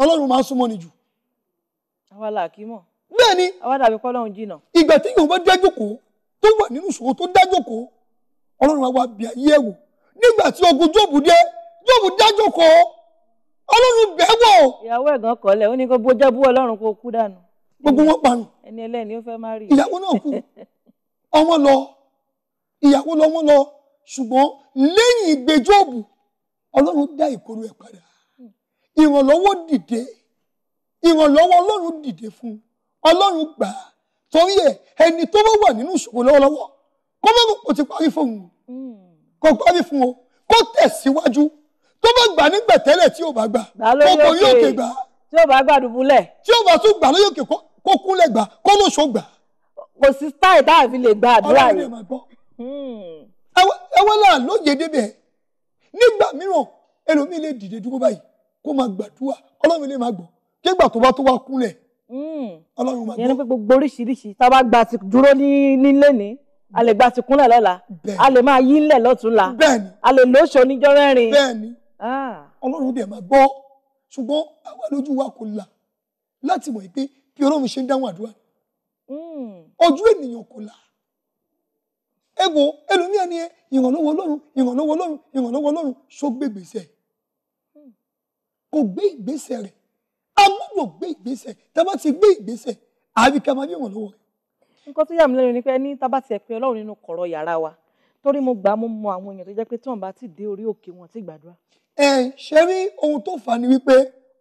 [SPEAKER 3] ọlọ́run máa ń súnmọ́ ni jù.
[SPEAKER 1] àwa là kí mọ̀. bẹ́ẹ̀ ni àwa dàbí kọ́ lọ́run jìnnà. ìgbà téèyàn
[SPEAKER 3] bá dájókòó tó wà nínú ìṣòro tó dájókòó ọlọ́run àwa bí ayé wò nígbà tí ogun jóòbù dé jóòbù dájọ́ kọ ọlọ́run bẹ̀ wò. ìyàwó ẹ̀gàn kọ́lẹ̀ ó
[SPEAKER 1] ní kó bójá bú ọlọ́run kó kú dànù. gbogbo wọn parun. ẹni ẹlẹ́ni ó fẹ́ má rí. ìyàwó náà kú
[SPEAKER 3] ọmọ lọ ìyàwó lọ wọn lọ ṣùgbọ́n lẹ́yìn ìgbé jóòbù ọlọ́run dá ìkorò ẹ̀ padà ìrànlọ́wọ́ dìde ìrànlọ́wọ́ ọlọ́run dìde fún ọlọ́run gbà torí ẹ̀ ẹni tó bá wà nínú ìṣòro kó má kò ti parí fóun kò parí fún o kó tẹ̀síwájú tó bá gbà nígbà tẹ́lẹ̀ tí ò bá gbà kókò yóò ké gbà tí ò bá gbà dùbúlẹ̀ tí ò bá tún gbà lóyè òkè kó kúnlẹ̀ gbà kó lóṣù gbà. kò sí táì táì fi lè gba àdúrà rẹ hmm. ẹwọ́n náà ló yé débẹ̀ nígbà mìíràn ẹlòmíì lè dìde dúró báyìí kó máa gbàdúrà ọlọ́run lè máa gbọ́ kégbà tó bá tó wá kúnlẹ̀ hmm. ọlọ́run máa gbọ́. ìyẹn ni pé gbogbo oríṣiríṣi tá a bá gba ti dúró nílé
[SPEAKER 1] ní a lè gba tìkúnlẹ̀ lọ́la a lè máa yí ńlẹ̀ lọ́túnla a lè lóṣù oníjọ́ rẹ́rin. bẹ́ẹ̀ni
[SPEAKER 3] ah. ọlọ́run dẹ̀ máa gbọ́ ṣùgbọ́n àwa lójú wa kò là láti mọ̀ pé bí ọlọ́run ṣe ń dáhùn àdúrà hmm. ojú ènìyàn kò là ẹ wo ẹlòmíà ni ìrànlọ́wọ́ ọlọ́run ìrànlọ́wọ́ ọlọ́run ìrànlọ́wọ́ ọlọ́run ṣó gbé ìgbésẹ̀ hmm. kò gbé ìgbésẹ̀ rẹ̀ a gbé ìgbésẹ̀ tá ti gbé ìgbésẹ̀ àbíkẹ́ máa bí ìrànlọ́wọ́ rẹ̀
[SPEAKER 1] nǹkan tó yà mí lẹ́nu ni pé ní tábà tiẹ̀ pé ọlọ́run nínú kọ̀rọ̀ yàrá wa torí mo gbà mo mọ àwọn èèyàn tó jẹ́ pé tí wọ́n bá ti dé orí òkè wọn ti gbàdúrà.
[SPEAKER 3] ẹ ṣe rí ohun tó fà á ni wípé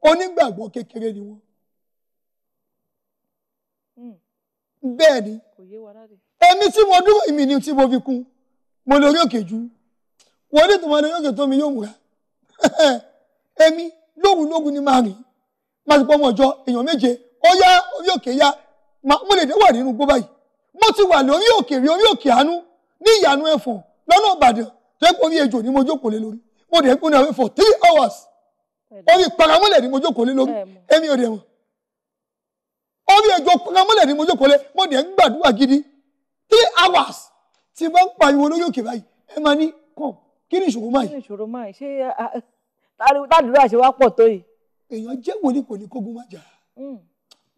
[SPEAKER 3] onígbàgbọ́ kékeré ni wọ́n. Hmm. bẹ́ẹ̀ ni èmi tí mo dúró ìmì ni tí mo fi kún mo lórí òkè jù wọ́n ní tòun lórí òkè tó mi yóò múra èmi lóhùn lóhùn ni máa rìn máa ti pọ́ ọmọ ọjọ́ èèyàn méje ó yá orí òkè yá mo lè dé wà nínú gbó báyìí mo ti wà lórí òkè rí orí òkè àánú ní ìyànú ẹ̀fọ́ lọ́nà ìbàdàn tó yẹ kó orí ejò ni mo jókòó lé lórí mo dẹ̀ gbóná ẹ̀fọ́ for three hours orí paramọ́lẹ̀ ni mo jókòó lé lórí èmi ò dẹ̀ mọ̀ orí ejò paramọ́lẹ̀ ni mo jókòó lé mo dẹ̀ ń gbàdúrà gidi three hours tí mo ń pariwo lórí òkè báyìí ẹ máa ní kàn kí ni ìṣòro máa yìí. kí ni ìṣòro máa yìí ṣé ah, ah, tádùúrà ṣe wá pọ̀ tó yìí. èèyàn jẹ́ wòlíì kò ní kógun má jà. Hmm.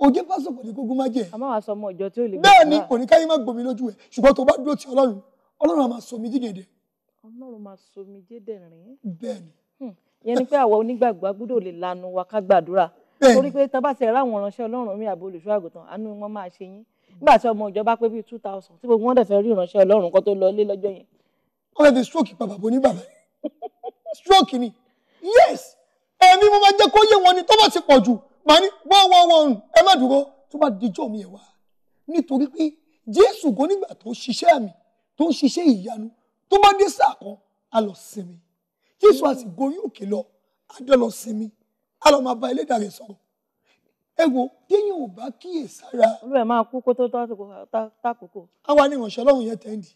[SPEAKER 3] Oge pásọ kò ní kógún má jẹ. a máa wá bẹ́ẹ̀ ni kò ní káyé má gbomi lójú ẹ̀ ṣùgbọ́n tó bá dúró ti ọlọ́run ọlọ́run á máa sọ ọlọ́run
[SPEAKER 1] máa sọ mi rìn. bẹ́ẹ̀ ni. Hmm. ìyẹn ni pé àwa onígbàgbọ́ agbọ́dọ̀ lè lanu wa ká gbàdúrà. torí pé tábà ti ráwọn ránṣẹ́ ọlọ́run mi àbò olùṣọ́ àgùntàn àánú wọn máa ṣe yín nígbà tí ọmọ ìjọba pé bíi two thousand
[SPEAKER 3] tí gbogbo wọn dẹ̀ fẹ́ rí ìránṣẹ́ ọlọ́run kan tó lọ ilé lọ́jọ́ yẹn. wọ́n fẹ́ fi stroke bàbá bo ní stroke ni yes ẹ̀mí mo máa jẹ́ kó yé wọn ni tó ti pọ̀ jù màá ní wọ́n wọ́n wọ́n ẹ má dúró tó bá dijọ́ mi ẹ̀ wá nítorí pé Jésù gan nígbà tó ṣiṣẹ́ àmì tó ń ṣiṣẹ́ ìyanu tó bá dé sáà kan á lọ sinmi Jésù á sì gorí òkè lọ á dẹ́ lọ sinmi á lọ máa bá ẹlẹ́dàá rẹ̀ sọ̀rọ̀ ẹ wo téèyàn ò bá kíyè sára. olùwẹ̀
[SPEAKER 1] máa kú kó tó tàkókò. àwa ni ìrànṣẹ́ ọlọ́run yẹn tẹ́ ń di.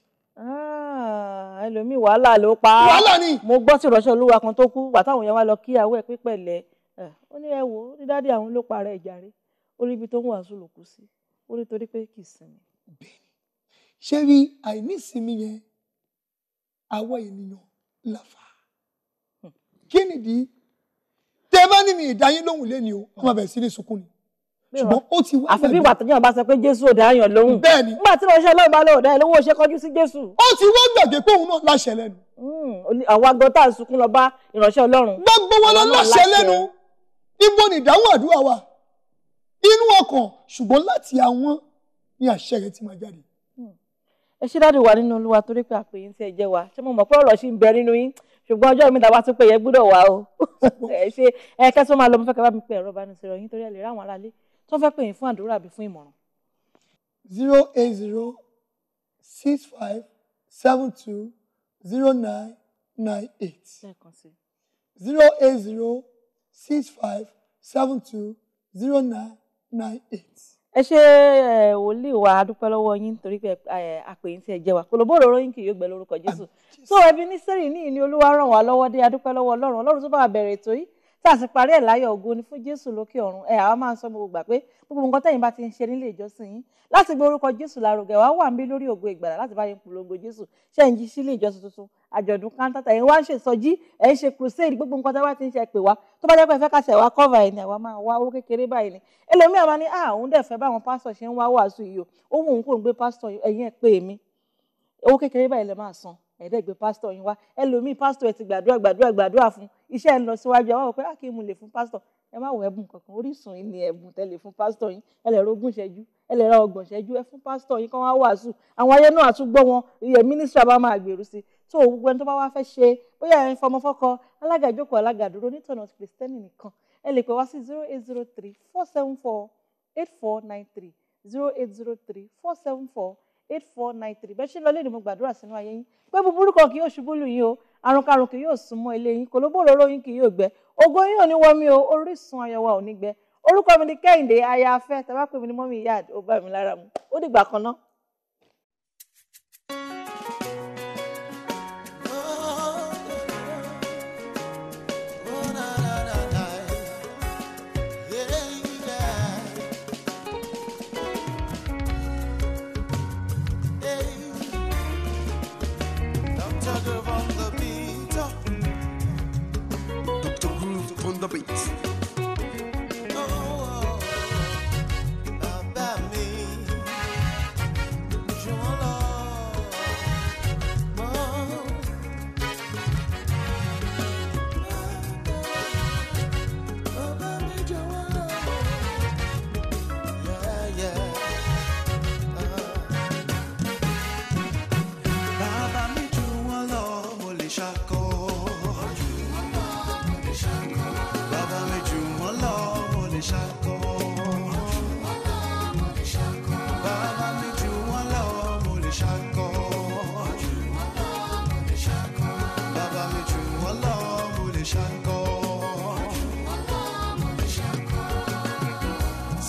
[SPEAKER 1] ẹlòmíì wàhálà ló pa á. ni. mo gbọ́ sí ìránṣẹ́ olúwa kan tó kú wàtáwọn yẹn wá lọ kíyàwó ẹ̀ pípẹ̀lẹ́ ó ní ẹ wò ó ní dádì àwọn ló para ẹ̀ ó rí tó ń wàásù lòkù sí ó ní torí pé kì í sinmi. bẹ́ẹ̀ni
[SPEAKER 3] ṣé rí àìní ìsinmi yẹn àwa ènìyàn la kí nìdí tẹ bá ní mi ìdáyé lóhùn lé ni o ọmọ bẹ̀rẹ̀ sí ní sunkún ni ṣùgbọ́n ó ti wá àfi bí ìwà tó yàn bá sọ pé jésù ò dá yàn lóhùn bẹ́ẹ̀ ni nígbà tí ránṣẹ́ ọlọ́run bá
[SPEAKER 1] lọ́wọ́ dá yàn lówó ṣe kọjú sí jésù. ó ti wá gbàgbé pé òun náà láṣẹ lẹ́nu. Hmm, àwọn agbọ́n tá à sunkún
[SPEAKER 3] lọ bá ìránṣẹ́ ọlọ́run. gbogbo wọn lọ láṣẹ lẹ́nu níbo ni ìdáhùn àdúrà wa inú ọkàn ṣùgbọ́n láti àwọn ní àṣẹ rẹ ti máa jáde.
[SPEAKER 1] ẹ ṣe dáàdì wa nínú olúwa torí pé àpè yín tí ẹ jẹ wa ṣé mo mọ̀ pé ọ̀rọ̀ ṣì ń bẹ nínú yín ṣùgbọ́n ọjọ́ mi tàbá tún pé yẹn gbúdọ̀ wá o ẹ ṣe ẹ kẹ́ máa lọ mo fẹ́ kẹ́ bá mi pe ẹ̀rọ ìbánisọ̀rọ̀ yín torí ẹ lè rí àwọn aráalé tó fẹ́ pè yín fún àdúrà àbí fún ìmọ̀ràn.
[SPEAKER 3] zero eight zero six five seven two zero nine nine eight zero eight zero. 65720998.
[SPEAKER 1] ẹ ṣe wòlíì wa adúpẹ́ lọ́wọ́ yín torí pé àpèyìn tí ẹ jẹ́ wa kòlòbó òróró yín kì yóò gbẹ lórúkọ jésù tó ẹbí ní sẹ́rìn ní ìní olúwa ràn wá lọ́wọ́ dé adúpẹ́ lọ́wọ́ ọlọ́run ọlọ́run tó bá bẹ̀rẹ̀ ètò yìí tá a sì parí ẹ̀ láyọ̀ ògo ni fún jésù lókè ọ̀run ẹ àwa máa ń sọ gbogbo gbà pé gbogbo nǹkan tẹ̀yin bá ti ń ṣe nílé ìjọsìn yín láti gbé orúkọ jésù lárugẹ wàá wà ń bí lórí ògo ìgbàlà láti bá yín polongo jésù ṣẹ́yìn jí sílé ìjọsìn tuntun àjọ̀dún kántátà ẹ̀ wá ń ṣe ìsọjí ẹ̀ ń ṣe crusade gbogbo nǹkan tí wọ́n ti ń ṣe pè wá tó bá jẹ́ pé ẹ fẹ́ ká ṣe cover ẹ̀ ní àwa máa wá owó kékeré báyìí ni ẹlòmíì àwa ni ah òun dẹ̀ fẹ́ báwọn pásítọ̀ ṣe ń wá wàásù yìí o òun kò ń gbé pásítọ̀ ẹ̀yìn ẹ̀ pé mi owó kékeré báyìí lè máa san ẹ̀dẹ́ gbé pásítọ̀ yín wá ẹlòmíì pásítọ̀ ẹ̀ ti gbàdúrà ẹ ah, ni ẹ̀bùn tẹ́lẹ̀ fún pásítọ̀ yín ẹ lè rogún ṣẹ́jú ẹ lè ra ọgbọ̀n ṣẹ́jú ẹ fún pásítọ̀ yín kán wá wàásù àwọn ayé náà àtúgbọ́ wọn ìyẹn mínísítà bá máa gbèrú sí i tó gbogbo ẹni tó bá wá fẹ́ ṣe bóyá ẹ̀ ń fọmọ fọ́kọ alága ìjókòó alága dúró nítọ̀nà kìrìsìtẹ́nì nìkan ẹ lè pè wá sí zero eight zero three four seven four eight four nine three zero eight zero three four seven four eight four nine three bẹ́ẹ̀ ṣe lọ léde mo gbàdúrà sínú ayé yín pé búburú kan kì yóò ṣubú lù yín o àrùnkárùn kì yóò sún mọ́ ilé yín kòlóbó òróró yín kì yóò gbẹ ògo yín ò ní wọ mí o orísun ayọ̀ wa ò ní gbẹ orúkọ mi ni Kẹ́hìndé aya afẹ́ tàbá pè mí ní mọ́mí ìyá àdó bá mi lára mu ó dìgbà kan náà.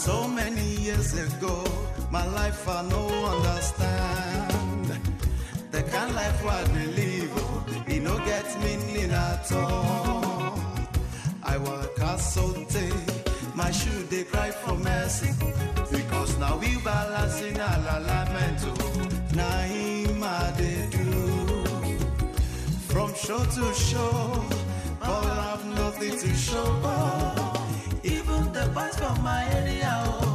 [SPEAKER 2] so many years ago. My life I no understand. The kind of life I live, it oh, no get meaning at all. I so assaulted, my shoe they cry for mercy. Because now we balancing our alignment. Oh, now I they do. From show to show, but I have nothing to show boys from my area. Oh.